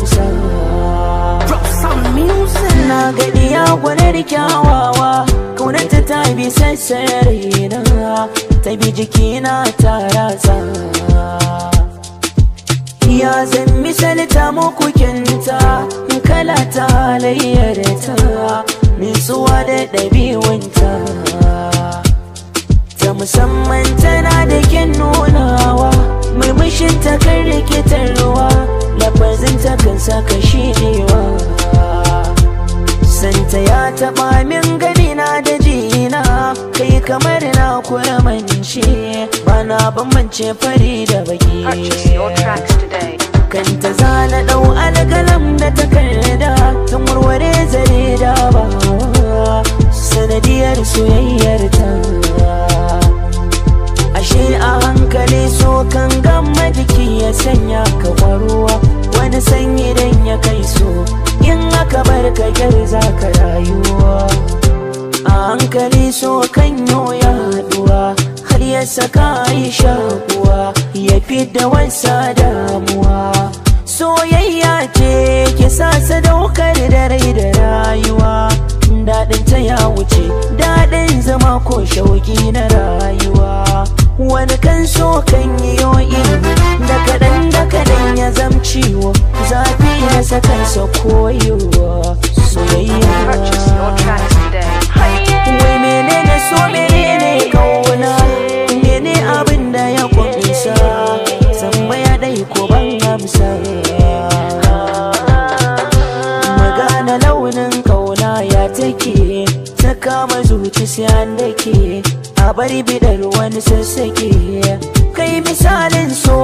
busarwa na gadi ya gwanar kyawawa kaunanta ta bi sassarina ta bi jikina ta ratsa ya zan misalta muku kinta kala ta halayyar ta nutsuwa da ɗabi'unta ta musamman tana da kin nunawa murmushin ta kan rikitar saka shi jiwa santa ya taɓa min ganina da jina kai kamar na kura kuramance bana mance fari da baki kanta zana ɗau algalam da takarda ta warware zare da ba sanadiyar soyayya kyar da kyar za ka rayuwa a hankali so kan ya haɗuwa har ya saka yi shakuwa ya fi da wansa damuwa soyayya ce ke sa sadaukar da rai da rayuwa daɗin ta ya wuce daɗin zama ko shauki na rayuwa wani kan so kan yi yo'in da kaɗan da kaɗan ya zamciwo za kasa kansa koyo soyayya wai menene so menene kauna mene abin da ya kwamisa tambaya dai ko ban amsa launin kauna ya take ta kama da ke a bar bidar wani sassake kai misalin so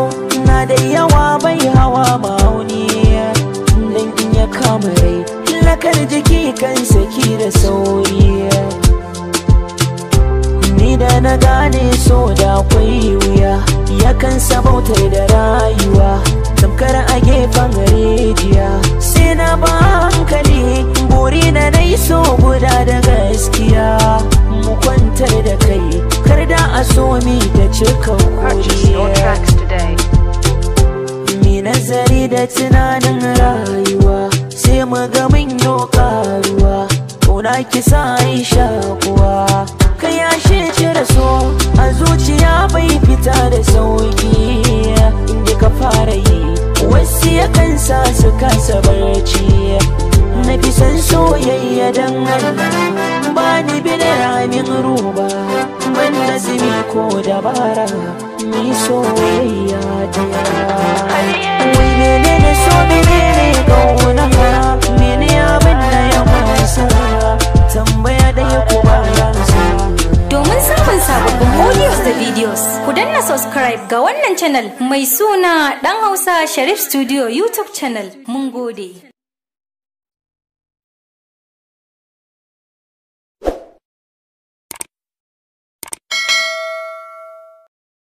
aiki da sauyi ni da na gane so da akwai wuya yakan sabautar da rayuwa tamkar a gefen rijiya sai na ba hankali buri na nai so guda da gaskiya mu kwantar da kai kar da a so mi da cika mi nazari da tunanin rayuwa sai mu ga ki sa kuwa ka yashe cire so a zuciya bai fita da sauki inda ka fara yi wasu ya sa su kasa barci na fi san soyayya don ba ni bi da ramin ruba ban zimi ko dabara ni soyayya da subscribe ga wannan channel mai suna Dan Hausa Sharif Studio YouTube channel. Mun gode.